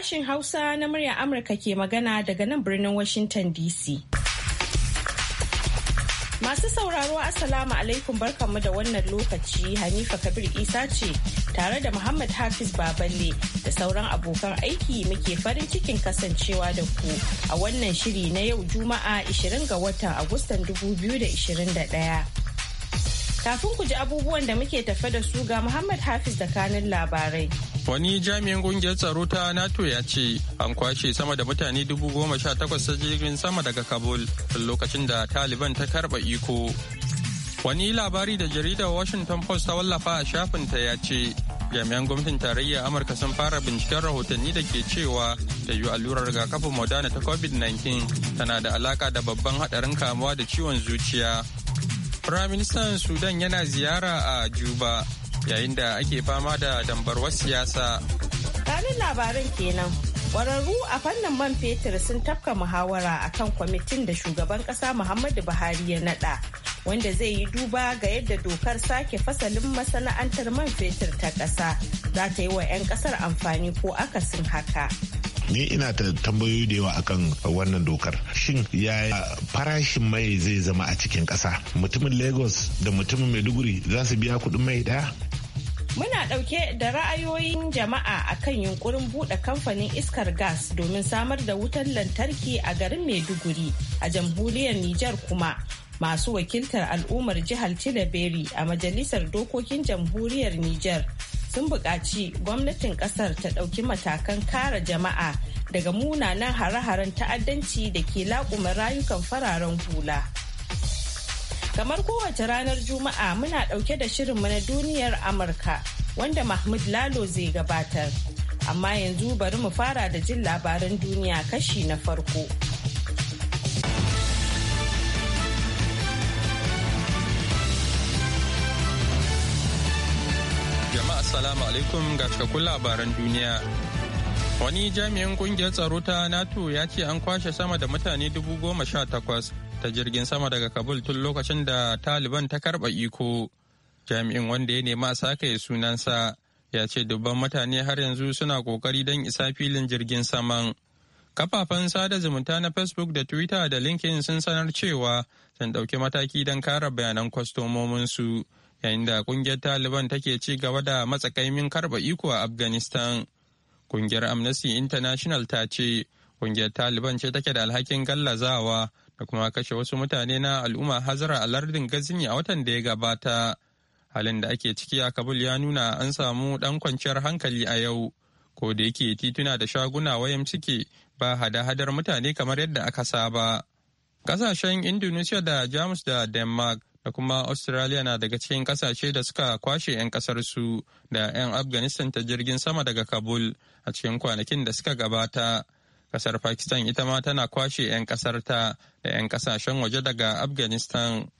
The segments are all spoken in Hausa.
Sashin Hausa na murya Amurka ke magana daga nan birnin Washington DC. Masu sauraro Assalamu alaikum barkanmu da wannan lokaci Hanifa Kabir Isa ce tare da Muhammad Hafiz Baballe da sauran abokan aiki muke farin cikin kasancewa da ku a wannan shiri na yau Juma'a 20 ga watan Agustan 2021. Kafin ku ji abubuwan da muke tafe da su ga Muhammad Hafiz da kanin labarai. Wani jami'in kungiyar tsaro ta NATO ya ce an kwashe sama da mutane dubu goma sha takwas ta jirgin sama daga Kabul lokacin da Taliban ta karba iko. Wani labari da jaridar Washington Post ta wallafa a shafin ta ya ce jami'an gwamnatin tarayya Amurka sun fara binciken rahotanni da ke cewa da yi allurar rigakafin Moderna ta COVID-19 tana da alaka da babban hadarin kamuwa da ciwon zuciya. Firaministan Sudan yana ziyara a Juba yayin da ake fama da dambarwar siyasa. Kanin labaran kenan. Kwararru a fannin man fetur sun tafka muhawara a kan kwamitin da shugaban kasa Muhammadu Buhari ya nada wanda zai yi duba ga yadda dokar sake fasalin masana'antar man fetur ta kasa za ta yi wa 'yan kasar amfani ko akasin haka. ni ina ta tambayoyi da yawa akan wannan dokar shin yaya farashin mai zai zama a cikin ƙasa mutumin lagos da mutumin maiduguri za su biya kuɗin mai ɗaya Muna ɗauke da ra'ayoyin jama'a a kan yunkurin buɗe kamfanin iskar gas domin samar da wutar lantarki a garin Maiduguri a jamhuriyar Nijar kuma masu wakiltar al'ummar jihar Tilaberi a majalisar dokokin jamhuriyar Nijar sun buƙaci gwamnatin ƙasar ta ɗauki matakan kare jama'a daga munanan hare-haren ta'addanci da ke laƙuma rayukan fararen hula. Kamar kowace ranar Juma'a muna ɗauke da shirinmu na duniyar Amurka wanda Mahmud Lalo zai gabatar. Amma yanzu bari mu fara da jin labaran duniya kashi na farko. Assalamu alaikum ga cikakkun labaran duniya. Wani jami'in kungiyar tsaro ta NATO ya ce an kwashe sama da mutane dubu goma sha takwas ta jirgin sama daga Kabul tun lokacin da Taliban ta karɓa iko. Jami'in wanda ya nema sake sunansa ya ce dubban mutane har yanzu suna kokari don isa filin jirgin saman. Kafafen sada zumunta na Facebook da Twitter da LinkedIn sun sanar cewa sun ɗauki mataki don kare bayanan kwastomominsu yayin da kungiyar taliban take ci gaba da matsakaimin karba iko a afghanistan kungiyar amnesty international ta ce kungiyar taliban ce take da alhakin gallazawa da kuma kashe wasu mutane na al'umma hazara a lardin gazini a watan da ya gabata halin da ake ciki a kabul ya nuna an samu dan kwanciyar hankali a yau ko da yake tituna da shaguna wayan suke ba hada-hadar mutane kamar yadda aka saba kasashen indonesia da jamus da denmark da kuma Australia na daga cikin kasashe da suka kwashe 'yan kasarsu da 'yan Afghanistan ta jirgin sama daga Kabul a cikin kwanakin da suka gabata. Kasar Pakistan ita ma tana kwashe 'yan kasarta da 'yan kasashen waje daga Afghanistan.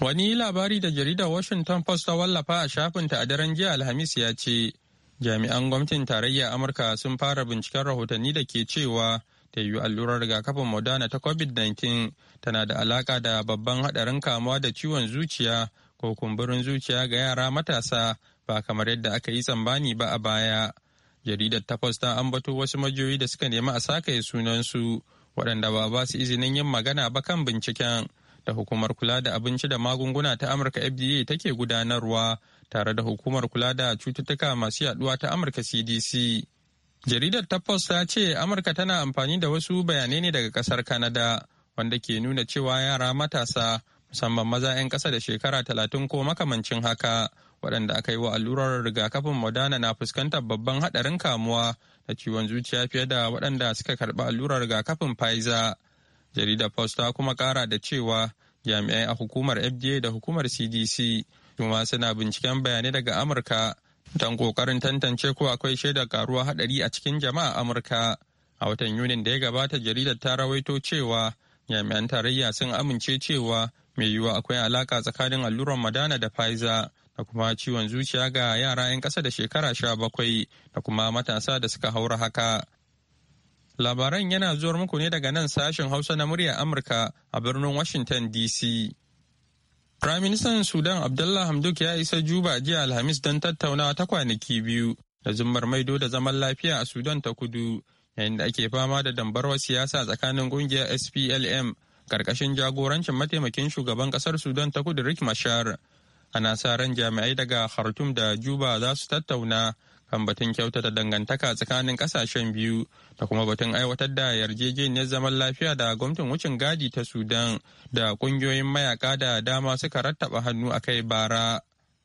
Wani labari da jaridar Washington Post ta wallafa a shafinta a daren jiya Alhamis ya ce, jami'an gwamnatin tarayya Amurka sun fara binciken rahotanni da ke cewa ta yiwu allurar rigakafin Moderna ta COVID-19 tana da alaƙa da babban haɗarin kamuwa da ciwon zuciya ko kumburin zuciya ga yara matasa ba kamar yadda aka yi tsambani ba a baya. Jaridar ta ta ambato wasu majiyoyi da suka nemi a sakaye sunansu waɗanda ba ba su izinin yin magana ba kan binciken da hukumar kula da abinci da magunguna ta Amurka FDA take gudanarwa tare da hukumar kula da cututtuka masu yaduwa ta Amurka CDC. Jaridar ta Post ta ce Amurka tana amfani da wasu bayanai ne daga kasar Canada wanda ke nuna cewa yara matasa musamman maza 'yan ƙasa da shekara talatin ko makamancin haka waɗanda aka yi wa allurar rigakafin Moderna na fuskantar babban haɗarin kamuwa da ciwon zuciya fiye da waɗanda suka karɓi allurar rigakafin Pfizer. Jaridar Post ta kuma ƙara da cewa jami'ai a hukumar FDA da hukumar CDC kuma suna binciken bayanai daga Amurka don kokarin tantance ko akwai shaidar karuwa hadari a cikin jama'a amurka a watan yunin da ya gabata jaridar ta rawaito cewa jami'an tarayya sun amince cewa mai yiwuwa akwai alaka tsakanin alluran madana da pfizer da kuma ciwon zuciya ga yara 'yan ƙasa da shekara sha bakwai da kuma matasa da suka haura haka labaran yana zuwar muku ne daga nan sashen hausa na muryar amurka a birnin washington dc prime Firaministan Sudan Abdullah Hamdok ya isa Juba jiya Alhamis don tattaunawa ta kwanaki biyu da zummar maido da zaman lafiya a Sudan ta kudu yayin da ake fama da dambarwar siyasa tsakanin kungiyar SPLM karkashin jagorancin mataimakin shugaban kasar Sudan ta kudu Rick Mashar. Ana sa ran jami'ai daga Khartoum da Juba za su tattauna kan batun kyautata dangantaka tsakanin kasashen biyu da kuma batun aiwatar da yarjejeniyar zaman lafiya da gwamnatin wucin gadi ta sudan da kungiyoyin mayaka da dama suka rattaba hannu a kai bara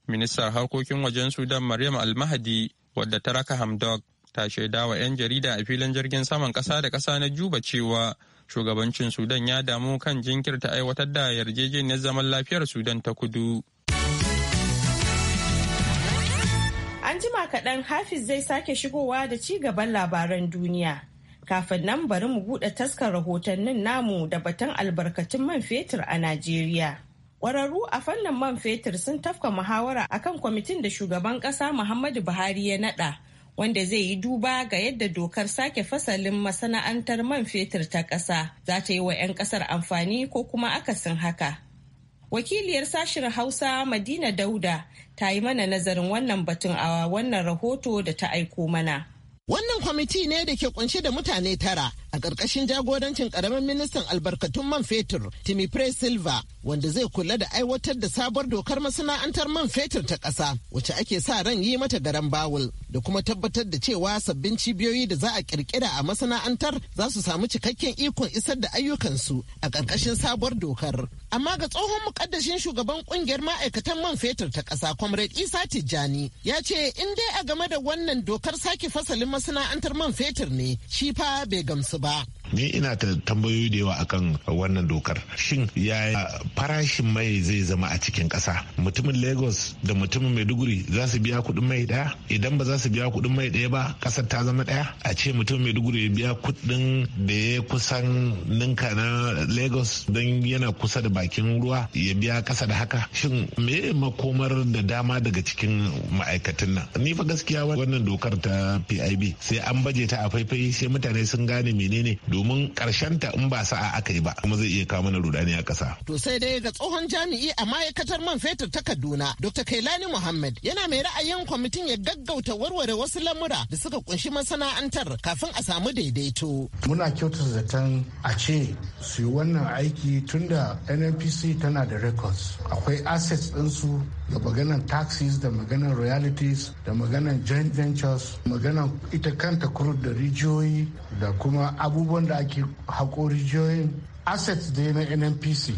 ministar harkokin wajen sudan maryam almahadi wadda ta raka hamdok ta shaida wa 'yan jarida a filin jirgin saman kasa da kasa na juba cewa shugabancin sudan ya damu kan jinkirta aiwatar da yarjejeniyar zaman lafiyar sudan ta kudu An jima kaɗan Hafiz zai sake shigowa da ci gaban labaran duniya. Kafin nan bari mu buɗe taskar rahotannin namu da batun albarkatun man fetur a Najeriya. Ƙwararru a fannin man fetur sun tafka muhawara akan kwamitin da shugaban ƙasa Muhammadu Buhari ya naɗa wanda zai yi duba ga yadda dokar sake fasalin masana'antar man fetur ta ƙasa za ta yi wa 'yan ƙasar amfani ko kuma akasin haka. Wakiliyar sashen Hausa Madina Dauda ta yi mana nazarin wannan batun a wannan rahoto da ta aiko mana. Wannan kwamiti ne da ke kunshe da mutane tara a ƙarƙashin jagorancin ƙaramin ministan albarkatun man fetur Timi Pre Silva wanda zai kula da aiwatar da sabuwar dokar masana'antar man fetur ta ƙasa wacce ake sa ran yi mata garan bawul da kuma tabbatar da cewa sabbin cibiyoyi da za a ƙirƙira a masana'antar za su samu cikakken ikon isar da ayyukansu a ƙarƙashin sabuwar dokar. Amma ga tsohon muƙaddashin shugaban ƙungiyar ma'aikatan man fetur ta ƙasa Comrade Isa Tijjani ya ce in dai a game da wannan dokar sake fasalin masana'antar man fetur ne shi fa bai gamsu ba. ba ni ina ta tambayoyi da yawa akan wannan dokar shin yaya farashin mai zai zama a cikin kasa mutumin lagos da mutumin maiduguri za su biya kuɗin mai ɗaya idan ba za su biya kuɗin mai ɗaya ba kasar ta zama ɗaya a ce mutumin maiduguri ya biya kuɗin da ya kusan ninka na lagos don yana kusa da bakin ruwa ya biya kasa da haka shin me makomar da dama daga cikin ma'aikatan nan ni fa gaskiya wannan dokar ta pib sai an baje ta a faifai sai mutane sun gane menene domin karshen ta in ba sa'a aka yi ba kuma zai iya kawo mana rudani a kasa. To sai dai ga tsohon jami'i a ma'aikatar man fetur ta Kaduna Dr. Kailani Muhammad yana mai ra'ayin kwamitin ya gaggauta warware wasu lamura da suka kunshi masana'antar kafin a samu daidaito. Muna kyautata zaton a ce su yi wannan aiki tunda NNPC tana da records akwai assets ɗinsu da maganan taxes da maganar royalties da maganan joint ventures maganan ita kanta kurut da rijiyoyi da kuma abubuwan wanda da ake haƙo rijiyoyin asset da na nnpc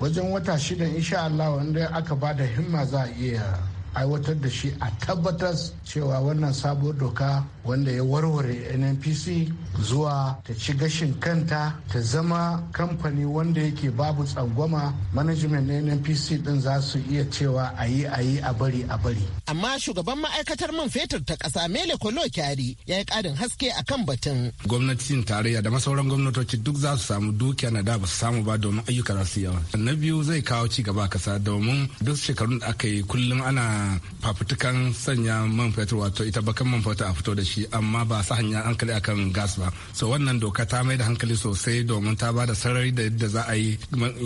wajen wata shida insha Allah wanda aka ba da himma za a iya aiwatar da shi a tabbatar cewa wannan sabuwar doka wanda ya warware nnpc zuwa ta ci gashin kanta ta zama kamfani wanda yake babu tsangwama management na nnpc din za su iya cewa a yi a yi a bari a bari amma shugaban ma'aikatar man fetur ta kasa mele kolo kyari ya yi ƙarin haske a kan batun gwamnatin tarayya da masauran gwamnatoci duk za su samu dukiya na da ba su samu ba domin ayyuka za su yawa na biyu zai kawo ci gaba kasa domin duk shekarun da aka yi kullum ana fafutukan sanya man fetur wato ita bakan man fetur a fito da shi shi amma ba sa hanya hankali akan gas ba so wannan doka ta mai da hankali sosai domin ta ba da sarari da yadda za a yi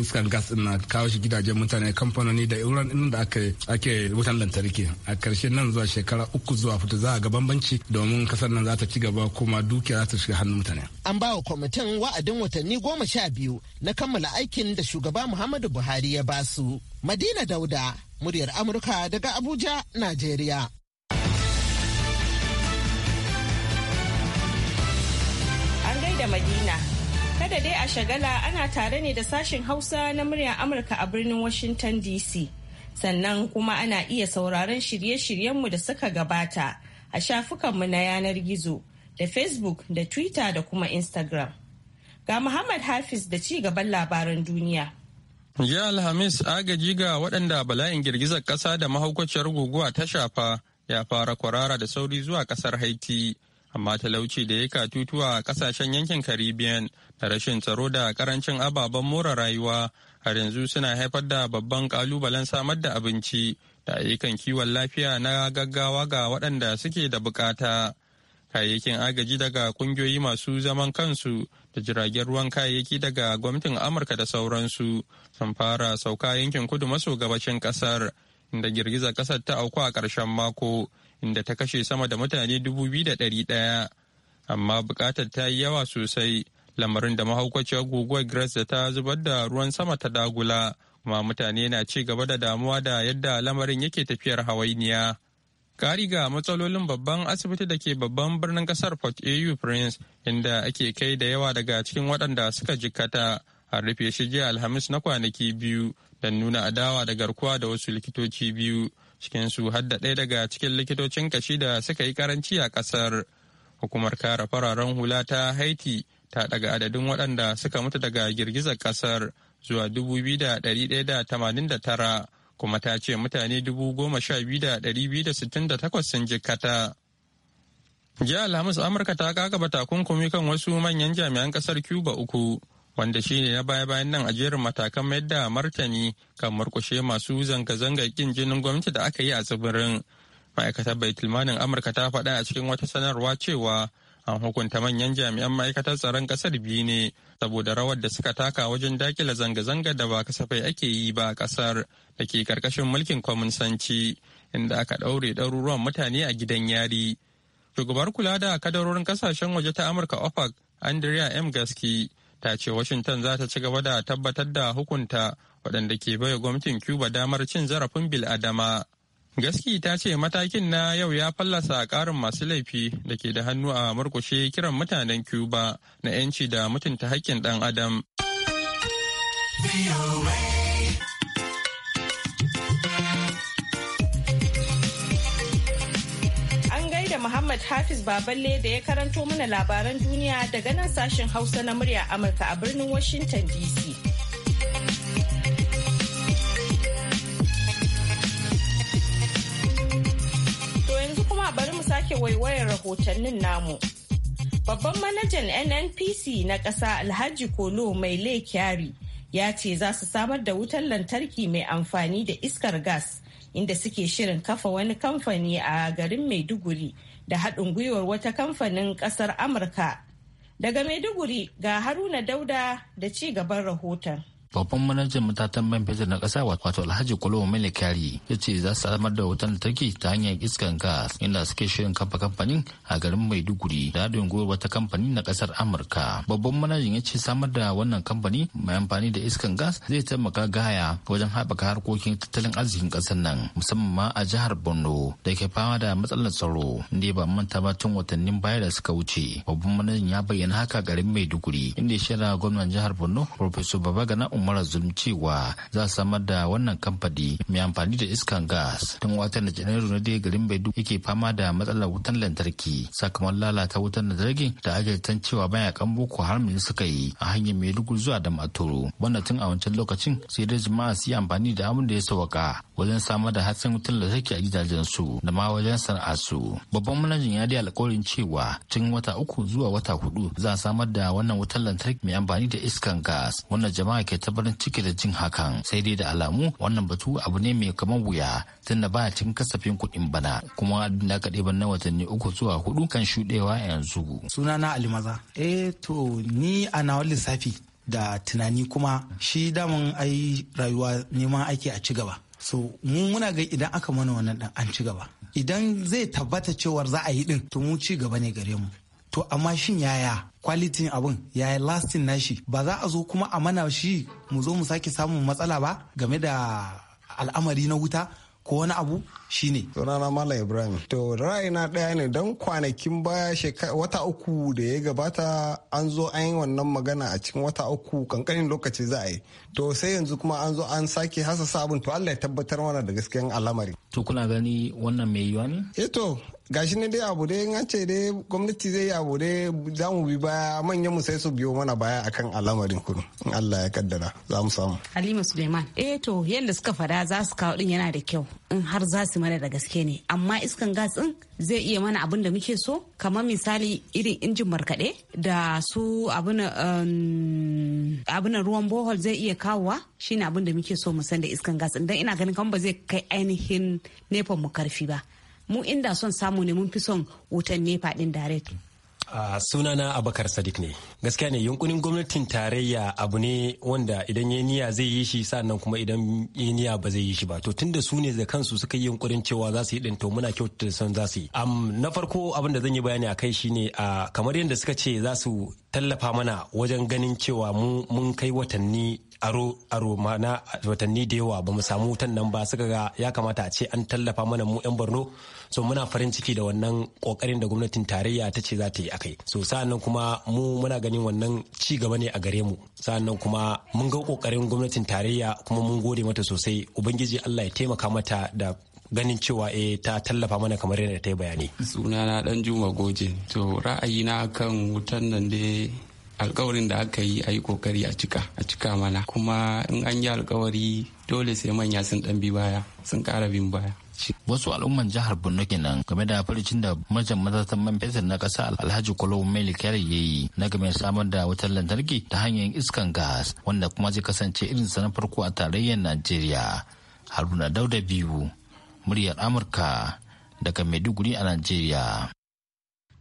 iskan gas na kawo shi gidajen mutane kamfanoni da iran inda da ake ake wutan lantarki a karshe nan zuwa shekara uku zuwa fita za a ga bambanci domin kasar nan za ta ci gaba kuma dukiya za ta shiga hannun mutane an ba wa kwamitin wa'adin watanni goma sha biyu na kammala aikin da shugaba muhammadu buhari ya basu madina dauda muryar amurka daga abuja najeriya da Madina. Kada dai a shagala ana tare ne da sashen Hausa na muryar Amurka a birnin Washington DC. Sannan kuma ana iya sauraron shirye-shiryenmu da suka gabata a shafukanmu na yanar gizo da Facebook da Twitter da kuma Instagram. Ga Muhammad Hafiz da ci gaban labaran duniya. Jiya Alhamis agaji ga waɗanda bala'in girgizar ƙasa da mahaukaciyar guguwa ta shafa ya fara kwarara da sauri zuwa ƙasar Haiti amma talauci da ya katutuwa a kasashen yankin caribbean da rashin tsaro da karancin ababen more rayuwa har yanzu suna haifar da babban kalubalen samar da abinci da ayyukan kiwon lafiya na gaggawa ga waɗanda suke da bukata kayayyakin agaji daga kungiyoyi masu zaman kansu da jiragen ruwan kayayyaki daga gwamnatin amurka da sauransu sun fara sauka yankin kudu maso gabashin kasar inda girgizar kasar ta auku a ƙarshen mako inda ta kashe sama da mutane dubu biyu da ɗari ɗaya amma buƙatar ta yi yawa sosai lamarin da mahaukaciyar guguwar grace da ta zubar da ruwan sama ta dagula kuma mutane na ci gaba da damuwa da yadda lamarin yake tafiyar hawainiya kari ga matsalolin babban asibiti da ke babban birnin kasar port au prince inda ake kai da yawa daga cikin waɗanda suka jikkata a rufe shi jiya alhamis na kwanaki biyu don nuna adawa da garkuwa da wasu likitoci biyu cikinsu har da ɗaya daga cikin likitocin kashi da suka yi karanci a ƙasar. Hukumar kare fararen hula ta Haiti ta daga adadin waɗanda suka mutu daga girgizar ƙasar zuwa 2,189 kuma ta ce mutane 12,268 sun jikkata. Jiya Alhamis Amurka ta kakaba takunkumi kan wasu manyan jami'an ƙasar Cuba uku. wanda shine na baya-bayan nan a jerin matakan mayar da martani kan murkushe masu zanga-zangar kin jinin gwamnati da aka yi a tsibirin ma'aikatar baitulmanin amurka ta faɗa a cikin wata sanarwa cewa an hukunta manyan jami'an ma'aikatar tsaron ƙasar biyu ne saboda rawar da suka taka wajen dakila zanga-zanga da ba kasafai ake yi ba a ƙasar da ke ƙarƙashin mulkin kwaminsanci inda aka ɗaure ɗaruruwan mutane a gidan yari shugabar kula da kadarorin ƙasashen waje ta amurka opec andrea m gaski ta ce washington za ta ci gaba da tabbatar da hukunta waɗanda ke baiwa gwamnatin cuba damar cin zarafin bil adama gaski ta ce matakin na yau ya fallasa ƙarin masu laifi da ke da hannu a murkushe kiran mutanen cuba na 'yanci da mutunta haƙƙin ɗan adam. Muhammad Hafiz Baballe da ya karanto mana labaran duniya daga nan sashen Hausa na murya Amurka a birnin Washington DC. To yanzu kuma bari mu sake waiwayar rahotannin namu. Babban manajan NNPC na ƙasa Alhaji Kolo mai Kyari ya ce za su samar da wutar lantarki mai amfani da iskar gas. inda suke shirin kafa wani kamfani a garin maiduguri da haɗin gwiwar wata kamfanin ƙasar Amurka. Daga Maiduguri ga Haruna Dauda da ci gaban rahoton. babban manajan matatan man fetur na kasa wato alhaji kulowo mele kyari ya ce za su samar da wutan lantarki ta hanyar iskan gas inda suke shirin kafa kamfanin a garin maiduguri da haɗin gwiwar wata kamfani na kasar amurka babban manajan ya ce samar da wannan kamfani mai amfani da iskan gas zai taimaka gaya wajen haɓaka harkokin tattalin arzikin ƙasar nan musamman ma a jihar borno da ke fama da matsalar tsaro inda ba manta ba tun watannin baya da suka wuce babban manajan ya bayyana haka garin maiduguri inda ya shirya gwamnan jihar borno professor babagana umar mara zulunci cewa za a samar da wannan kamfani mai amfani da iskan gas tun watan da janairu na dai garin baidu yake fama da matsalar wutan lantarki sakamakon lalata wutan lantarki da ake tan cewa mayakan boko haram ne suka yi a hanyar mai dugu zuwa da maturu wannan tun a wancan lokacin sai dai jama'a su yi amfani da abin da ya sauka wajen samar da hatsin wutan lantarki a gidajensu da ma wajen su. babban manajan ya dai alkawarin cewa cikin wata uku zuwa wata hudu za a samar da wannan wutan lantarki mai amfani da iskan gas wannan jama'a ke ta farin ciki da jin hakan sai dai da alamu wannan batu abu ne mai kamar wuya tunda ba cikin kasafin kuɗin bana kuma da aka ɗeba na watanni uku zuwa hudu kan shuɗewa yanzu. sunana ali maza eh to ni a nawa lissafi da tunani kuma shi damun ai rayuwa neman aiki a ci gaba so mu muna ga idan aka mana wannan dan an ci gaba idan zai tabbata cewar za a yi din to mu ci gaba ne gare mu to amma shin yaya kwalitin abin yaya lastin nashi ba za a zo kuma a mana shi mu zo mu sake samun matsala ba game da al'amari na wuta ko wani abu shi shine sunana Mala ibrahim to ra'ayina ɗaya ne don kwanakin baya wata uku da ya gabata an zo an yi wannan magana a cikin wata uku kankanin lokaci za a yi to sai yanzu kuma an zo an sake hasa sabon to allah ya tabbatar mana da gaskiyan al'amari to kuna gani wannan mai yiwa ne eh to gashi ne dai abu dai an ce dai gwamnati zai yi abu dai za mu bi baya manyan mu sai su biyo mana baya akan al'amarin kudu in Allah ya kaddara za mu samu Halima Suleiman eh to yanda suka fada za su kawo din yana da kyau in har za su mana da gaske ne amma iskan gas din zai iya mana abin da muke so kamar misali irin injin markaɗe da su abin um, ruwan bohol zai iya kawowa shine abin da muke so mu san da iskan gas din dan ina ganin kamar ba zai kai ainihin nefan mu karfi ba mu inda son samu ne mun fi son wutan nepa din direct a uh, sunana abakar sadiq ne gaskiya ne yunkurin gwamnatin tarayya abu ne wanda idan ya niya zai yi shi sannan kuma idan ya niya ba zai yi shi ba to tunda su ne da kansu suka yi yunkurin cewa za su yi din to muna kyautata son za su yi um, na farko abin da zan yi bayani a kai shine a kamar yadda suka ce za su tallafa mana wajen ganin cewa mun kai watanni aro aro mana watanni da yawa ba mu samu wutan nan ba suka ga ya kamata a ce an tallafa mana mu yan borno so muna farin ciki da wannan kokarin da gwamnatin tarayya ta ce za ta yi kai so sa'annan kuma mu muna ganin wannan ci gaba ne a gare mu sa'annan kuma mun ga kokarin gwamnatin tarayya kuma mun gode mata sosai ubangiji Allah ya taimaka mata da ganin cewa eh ta tallafa mana kamar yadda ta yi bayani sunana dan juma goje to ra'ayina kan wutan nan dai alkawarin da aka yi a yi kokari a cika a cika mana kuma in an yi alkawari dole sai manya sun dan bi baya sun kara bin baya wasu al'umman jihar borno kenan game da farcin da majan matatan man fetur na kasa alhaji Kolo mai likiyar ya yi na game samar da wutar lantarki ta hanyar iskan gas wanda kuma zai kasance irin na farko a tarayyar najeriya haruna dauda biyu muryar amurka daga maiduguri a najeriya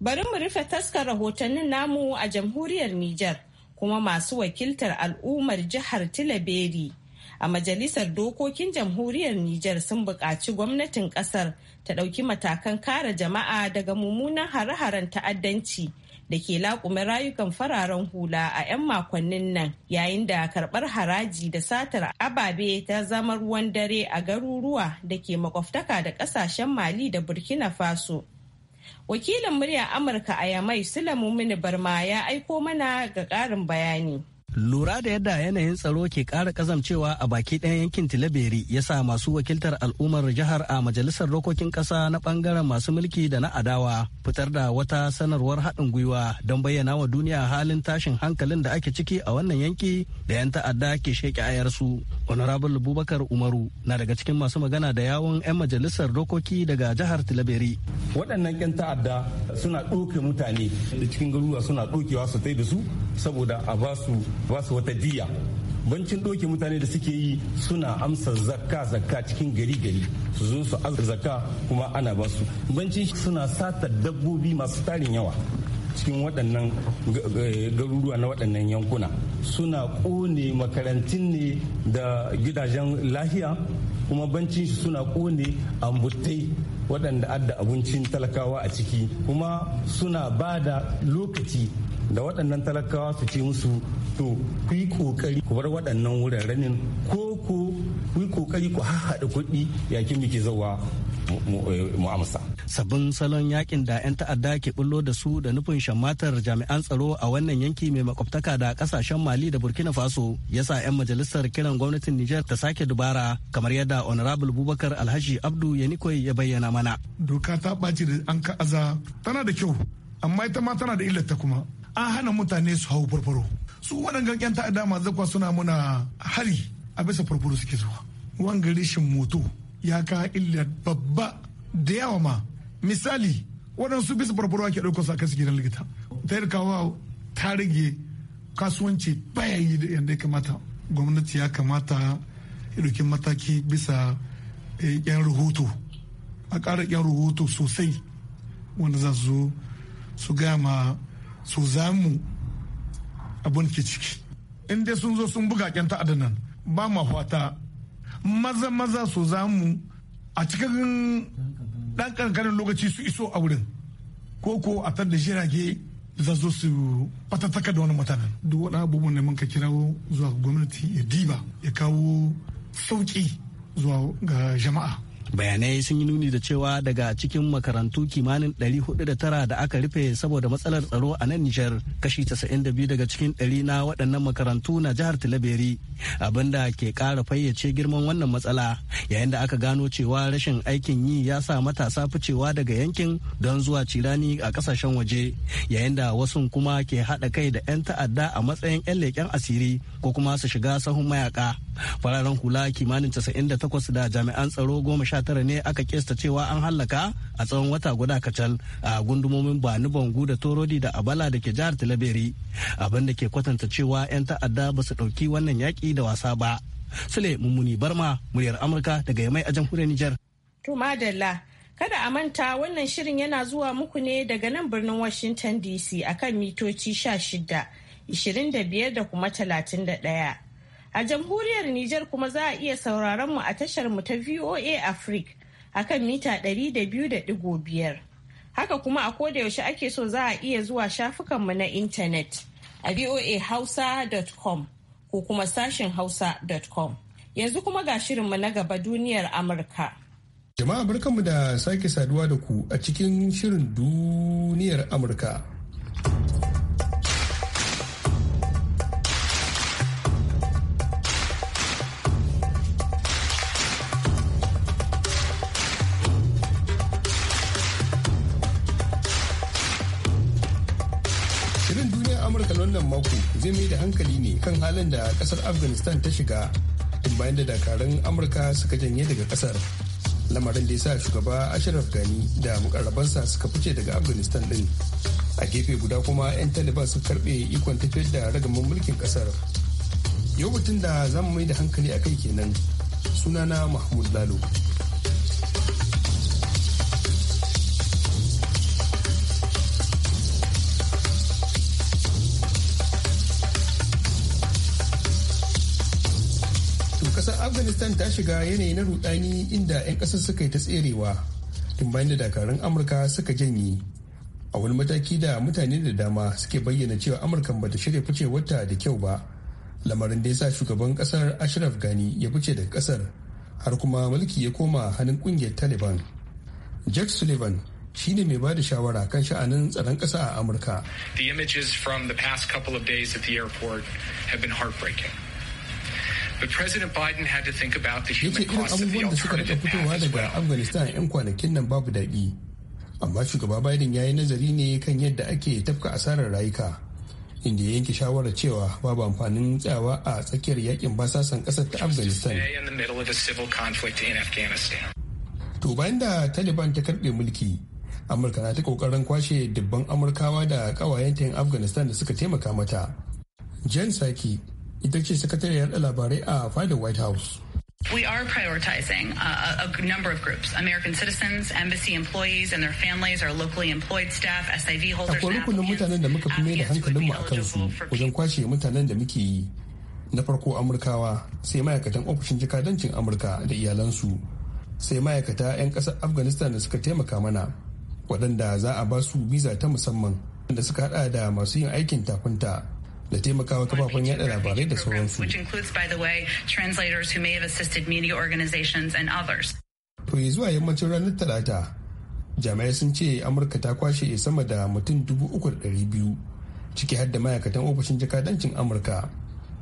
Bari mu rufe taskar rahotannin namu a jamhuriyar Nijar kuma masu wakiltar al'ummar jihar Tilaberi a majalisar dokokin jamhuriyar Nijar sun buƙaci gwamnatin ƙasar ta ɗauki matakan kare jama'a daga mummunan hare-haren ta'addanci da ke laƙume rayukan fararen hula a 'yan makonnin nan yayin da karɓar haraji da satar ababe ta zama ruwan dare a garuruwa da ke makwabtaka da ƙasashen mali da burkina faso wakilin murya amurka a yamai sulamu mini barma ya aiko mana ga ƙarin bayani Lura da yadda yanayin tsaro ke kara kazamcewa a baki ɗayan yankin Tilaberi ya sa masu wakiltar al'ummar jihar a majalisar dokokin ƙasa na ɓangaren masu mulki da na adawa fitar da wata sanarwar haɗin gwiwa don bayyana wa duniya halin tashin hankalin da ake ciki a wannan yanki da 'yan ta'adda ke sheƙi ayarsu. Honorable Bubakar Umaru na daga cikin masu magana da yawon 'yan majalisar rokoki daga jihar Tilaberi. Waɗannan 'yan ta'adda suna ɗoke mutane da cikin garuruwa suna ɗokewa su tai da su saboda a basu. ba su wata diya bancin doki mutane da suke yi suna amsa zakka zakka cikin gari gari su zo su azar zakka kuma ana ba su bancin suna sata dabbobi masu tarin yawa cikin waɗannan garuruwa na waɗannan yankuna suna ƙone makarantun ne da gidajen lahiya kuma bancin suna ƙone ambutai waɗanda adda abincin talakawa a ciki kuma suna ba da lokaci da waɗannan talakawa su ce musu to ku yi kokari ku bar waɗannan wuraren ko ku yi kokari ku haɗa kuɗi yakin muke zauwa eh, mu amsa. Sabbin salon yakin da 'yan ta'adda ke bullo da su da nufin shammatar jami'an tsaro a wannan yanki mai makwabtaka da kasashen Mali da Burkina Faso ya sa 'yan majalisar kiran gwamnatin Nijar ta sake dubara kamar yadda Honorable Bubakar Alhaji Abdu Yanikoi ya bayyana mana. Doka ta ɓaci da an ka'aza tana da kyau amma ita ma tana da illata kuma an hana mutane su hau farfaro su waɗannan yan ta'adda masu zakwa suna muna hari a bisa farfaro suke zuwa gari shin moto ya ka illa babba da yawa ma misali waɗansu bisa farfaro ake ɗaukar sa kasu gidan likita ta yi kawo ta rage kasuwanci baya yi da yadda ya kamata gwamnati ya kamata ya ɗauki mataki bisa yan eh, rahoto a ƙara yan rahoto sosai wanda za su zo su gaya ma so za mu abin ke ciki in dai sun zo sun buga ƙyan ta'adda nan ba ma fata maza maza so za mu a cikin ɗan kankanin lokaci su iso a wurin ko ko a tar da jirage za zo su fatattaka da wani mutanen duk wani abubuwan da mun ka kirawo zuwa gwamnati ya diba ya kawo sauƙi zuwa ga jama'a bayanai sun yi nuni da cewa daga cikin makarantu kimanin 409 da aka rufe saboda matsalar tsaro a nan nijar kashi 92 daga cikin 100 na waɗannan makarantu na jihar tilaberi abinda ke ƙara fayyace girman wannan matsala yayin da aka gano cewa rashin aikin yi ya sa matasa ficewa daga yankin don zuwa cirani a kasashen waje yayin da wasu kuma ke haɗa kai da 'yan ta'adda a matsayin 'yan leƙen asiri ko kuma su shiga sahun mayaka fararen hula kimanin 98 da jami'an tsaro 18 tara ne aka kesta cewa an hallaka a tsawon wata guda kacal a gundumomin bani bangu da torodi da abala da ke jihar talabiri abin da ke kwatanta cewa 'yan ta'adda ba su ɗauki wannan yaƙi da wasa ba sule mummuni barma muryar amurka daga yamai a jamhuriyar nijar to madalla kada a manta wannan shirin yana zuwa muku ne daga nan birnin washington dc akan mitoci sha 16 25 da kuma talatin da 31 A jamhuriyar Nijar kuma za a iya sauraron mu a tashar mu ta VOA Africa akan mita 200.5. Haka kuma a koda yaushe ake so za a iya zuwa shafukan mu na intanet a voahausa.com ko kuma sashin hausa.com. Yanzu kuma ga shirinmu na gaba duniyar Amurka. Jama'a barkanmu da sake saduwa da ku a cikin shirin duniyar Amurka. amurka wannan mako zai mai da hankali ne kan halin da kasar afghanistan ta shiga tun bayan da dakarun amurka suka janye daga kasar lamarin da ya sa shugaba ashraf gani da mukarrabansa suka fice daga afghanistan din a gefe guda kuma 'yan taliban suka karbe ikon tafiyar da ragamin mulkin kasar yau mutum da zamu mai da hankali a kai kenan sunana mahmud lalo afghanistan ta shiga yanayi na rudani inda 'yan kasar suka yi ta tserewa tun bayan da dakarun amurka suka janye a wani mataki da mutane da dama suke bayyana cewa amurkan ta shirya fice wata da kyau ba lamarin da ya sa shugaban kasar ashraf gani ya fice daga kasar har kuma mulki ya koma hannun kungiyar taliban jack sullivan ne mai bada shawara kan sha'anin tsaron ƙasa a amurka the images from the past couple of days at the airport have been heartbreaking But President Biden had to think about the human cost of the alternative path as well. Afghanistan 'yan kwanakin nan babu daɗi. Amma shugaba Biden ya yi nazari ne kan yadda ake tafka asarar rayuka. Inda ya yanke shawarar cewa babu amfanin tsayawa a tsakiyar yakin basasan ƙasar ta Afghanistan. To bayan da Taliban ta karɓe mulki, amurka na ta kokarin kwashe dubban amurkawa da kawayen yin afghanistan da suka taimaka mata jen saki ita ce sakatariyar labarai a fadar white house We are prioritizing uh, a, number of groups American citizens, embassy employees and their families, our locally employed staff, SIV holders. Akwai rukunin mutanen da muka fi mai da hankalinmu a kansu wajen kwashe mutanen da muke yi. Na farko Amurkawa, sai ma'aikatan ofishin jikadancin Amurka da iyalansu, sai ma'aikata 'yan ƙasar Afghanistan da suka taimaka mana, waɗanda za a ba su biza ta musamman, da suka haɗa da masu yin aikin takunta da taimakawa kafafen yada labarai da sauransu. To ya zuwa yammacin ranar Talata, jami'ai sun ce Amurka ta kwashe sama da mutum dubu uku da ɗari biyu ciki har da ma'aikatan ofishin jakadancin Amurka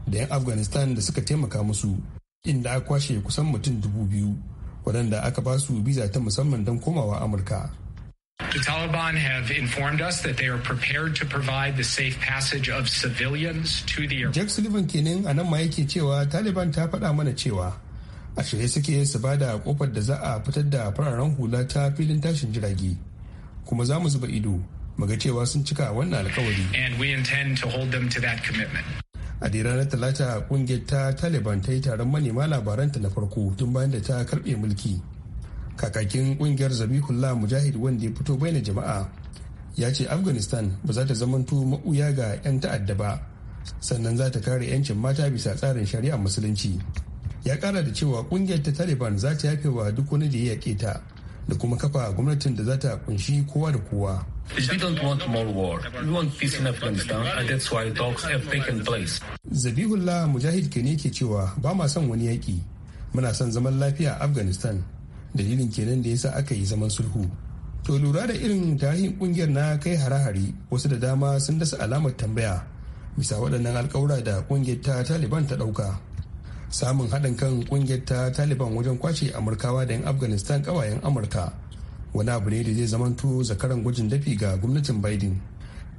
da 'yan Afghanistan da suka taimaka musu inda aka kwashe kusan mutum dubu biyu waɗanda aka ba su biza ta musamman don komawa Amurka. The Taliban have informed us that they are prepared to provide the safe passage of civilians to the airport. Jack Sullivan kenan a nan ma yake cewa Taliban ta faɗa mana cewa a shirye suke su ba da kofar da za a fitar da fararen hula ta filin tashin jirage kuma za mu zuba ido muga cewa sun cika wannan alkawari. And we intend to hold them to that commitment. a da ranar talata kungiyar ta taliban ta yi taron manema labaranta na farko tun bayan da ta karbe mulki kakakin kungiyar zabihullah mujahid wanda ya fito bayan jama'a ya ce afghanistan ba za ta zamanto ma'uya ga 'yan ta'adda ba sannan za ta kare 'yancin mata bisa tsarin shari'a musulunci ya kara da cewa kungiyar ta taliban za ta yafe wa duk wani da ya yaƙe ta da kuma kafa gwamnatin da za ta kunshi kowa da kowa zabihullah mujahid ke ne ke cewa ba ma son wani yaƙi muna son zaman lafiya a afghanistan dalilin kenan da yasa aka yi zaman sulhu to lura da irin tarihin kungiyar na kai hare-hare wasu da dama sun dasa alamar tambaya bisa waɗannan alkawura da kungiyar ta taliban ta ɗauka samun haɗin kan kungiyar ta taliban wajen kwace amurkawa da 'yan afghanistan ƙawayen amurka wani abu ne da zai zamanto zakaran gwajin dafi ga gwamnatin biden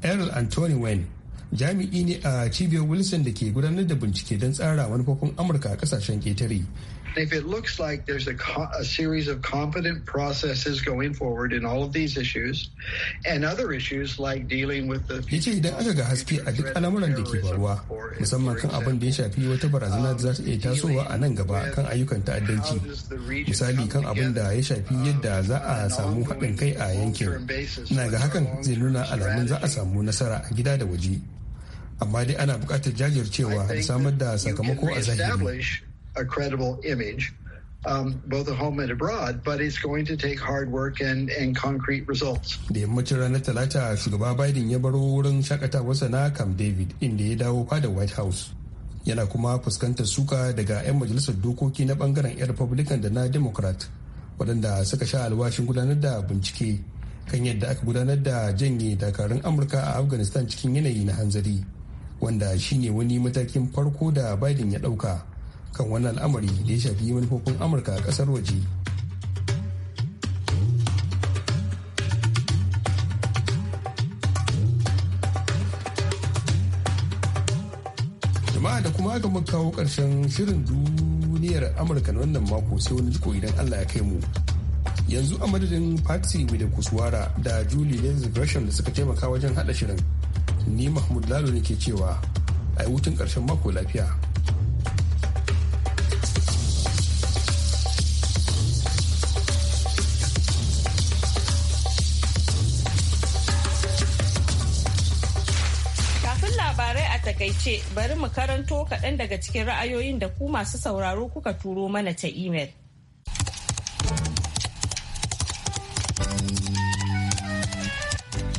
earl anthony wayne jami'i ne a cibiyar wilson da ke gudanar da bincike don tsara manufofin amurka a kasashen ƙetare. if it looks like there's a, co- a, series of confident processes going forward in all of these issues and other issues like dealing with the yace idan aka ga haske a duk al'amuran da ke faruwa musamman kan abin da ya shafi wata barazana da za ta iya tasowa a nan gaba kan ayyukan ta'addanci misali kan abin da ya shafi yadda za a samu haɗin kai a yankin na ga hakan zai nuna alamun za a samu nasara a gida da waje amma dai ana buƙatar jajircewa da samar da sakamako a zahiri a credible image, um, both at home and abroad, but it's going to take hard work and, and concrete results. Da yammacin ranar Talata, shugaba Biden ya baro wurin shakatawarsa na Camp David inda ya dawo fada White House. Yana kuma fuskantar suka daga 'yan majalisar dokoki na bangaren 'yan Republican da na Democrat, waɗanda suka sha alwashin gudanar da bincike kan yadda aka gudanar da janye dakarun Amurka a Afghanistan cikin yanayi na hanzari, wanda shine wani matakin farko da Biden ya ɗauka. kan wani al'amari da ya shafi manufofin amurka a kasar waje jama'a da kuma aka makawo kawo karshen shirin duniyar amurka na wannan mako sai wani jiko idan allah ya kai mu yanzu a madadin patsy da kuswara da juli lenz gresham da suka taimaka wajen hada shirin ni mahmud lalo ne ke cewa a yi hutun karshen mako lafiya takaice bari mu karanto kaɗan daga cikin ra'ayoyin da ku masu sauraro kuka turo mana ta imel.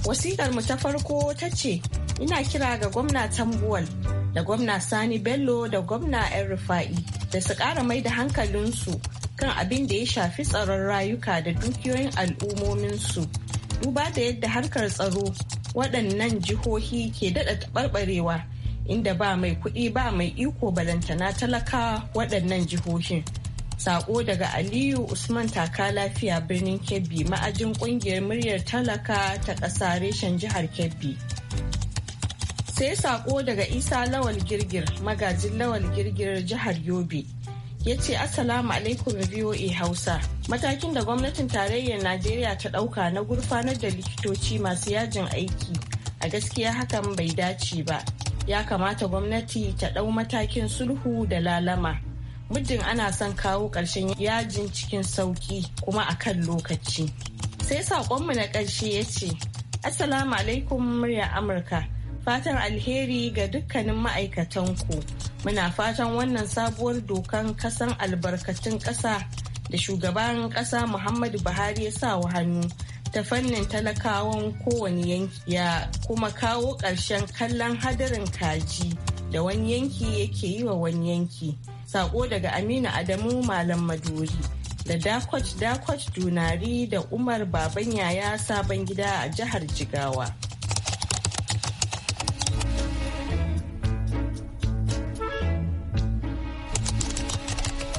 wasiƙar mu ta farko ta ce, ina kira ga gwamna Tambuwal da gwamna Sani Bello da gwamna 'yan rufa'i da su ƙara mai da hankalinsu kan abin da ya shafi tsaron rayuka da dukiyoyin al'ummominsu. Duba da yadda harkar tsaro waɗannan jihohi ke daɗa taɓarɓarewa inda ba mai kuɗi ba mai iko balantana talaka waɗannan jihohin. Sako daga Aliyu Usman Taka Lafiya birnin Kebbi ma'ajin ƙungiyar muryar talaka ta ƙasa reshen jihar Kebbi. Sai sako daga Isa Lawal Girgir magajin Lawal Girgir jihar Yobe. ya ce assalamu alaikum voa hausa matakin da gwamnatin tarayyar najeriya ta ɗauka na gurfanar da likitoci masu yajin aiki a gaskiya hakan bai dace ba ya kamata gwamnati ta ɗau matakin sulhu da lalama muddin ana son kawo ƙarshen yajin cikin sauƙi kuma a kan lokaci sai saƙonmu na ƙarshe ya ce assalamu alaikum murya amurka fatan alheri ga dukkanin ma'aikatanku muna fatan wannan sabuwar dokan kasan albarkatun ƙasa da shugaban ƙasa muhammadu buhari ya sa hannu ta fannin talakawan kowane yanki ya kuma kawo ƙarshen kallon hadarin kaji da wani yanki yake yi wa wani yanki. Sako daga amina Adamu Malam Maduri da Dakot Dakot Dunari da Umar Baban Yaya Sabon Gida a jihar Jigawa.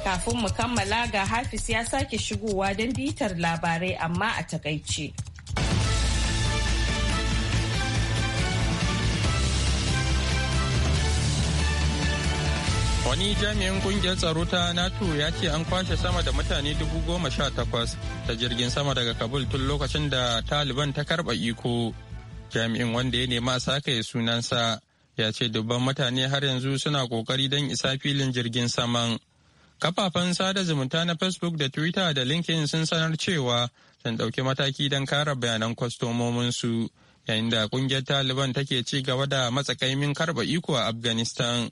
Kafin mu kammala ga hafis ya sake shigowa don bitar labarai amma a takaice. Wani jami'in kungiyar tsaro ta NATO ya ce an kwashe sama da mutane dubu goma sha takwas ta jirgin sama daga Kabul tun lokacin da Taliban ta karɓa iko. Jami'in wanda ya nema sake sunansa ya ce dubban mutane har yanzu suna ƙoƙari don isa filin jirgin saman Kafafen sada zumunta na Facebook da Twitter da LinkedIn sun sanar cewa sun ɗauki mataki don kara bayanan kwastomominsu yayin da ƙungiyar Taliban take ci gaba da matsakaimin karɓa iko a Afghanistan.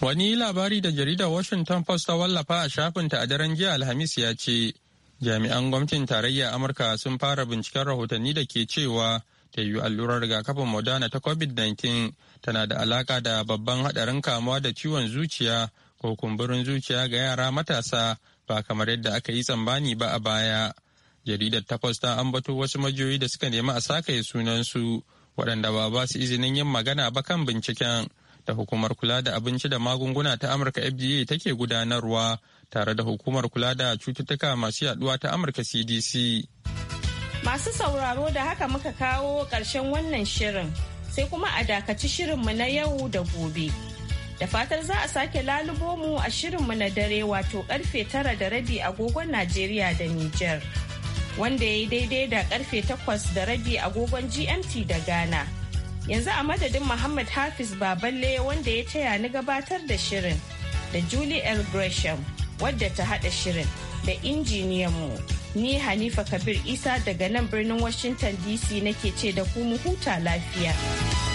Wani labari da jaridar Washington Post ta wallafa a shafinta a daren jiya Alhamis ya ce, jami'an gwamnatin tarayya Amurka sun fara binciken rahotanni da ke cewa ta yi allurar rigakafin Moderna ta COVID-19 tana da alaka da babban haɗarin kamuwa da ciwon zuciya ko kumburin zuciya ga yara matasa ba kamar yadda aka yi tsambani ba a baya. Jaridar Takwas ta ambato wasu majiyoyi da suka nemi a sakaye sunansu waɗanda ba ba su izinin yin magana ba kan binciken da hukumar kula da abinci da magunguna ta Amurka FDA take gudanarwa tare da hukumar kula da cututtuka masu yaduwa ta Amurka CDC. Masu sauraro da haka muka kawo ƙarshen wannan shirin sai kuma a dakaci shirinmu na yau da gobe. Da fatar za a sake lalubo mu a shirin mu na dare wato karfe tara da rabi agogon Najeriya da niger Wanda ya yi daidai da karfe takwas da rabi agogon GMT da Ghana. Yanzu a madadin Muhammad Hafiz Baballe wanda ya taya ni gabatar da shirin da Julie L. Gresham wadda ta haɗa shirin da mu Ni Hanifa Kabir Isa daga nan birnin Washington DC nake ce da ku mu huta lafiya.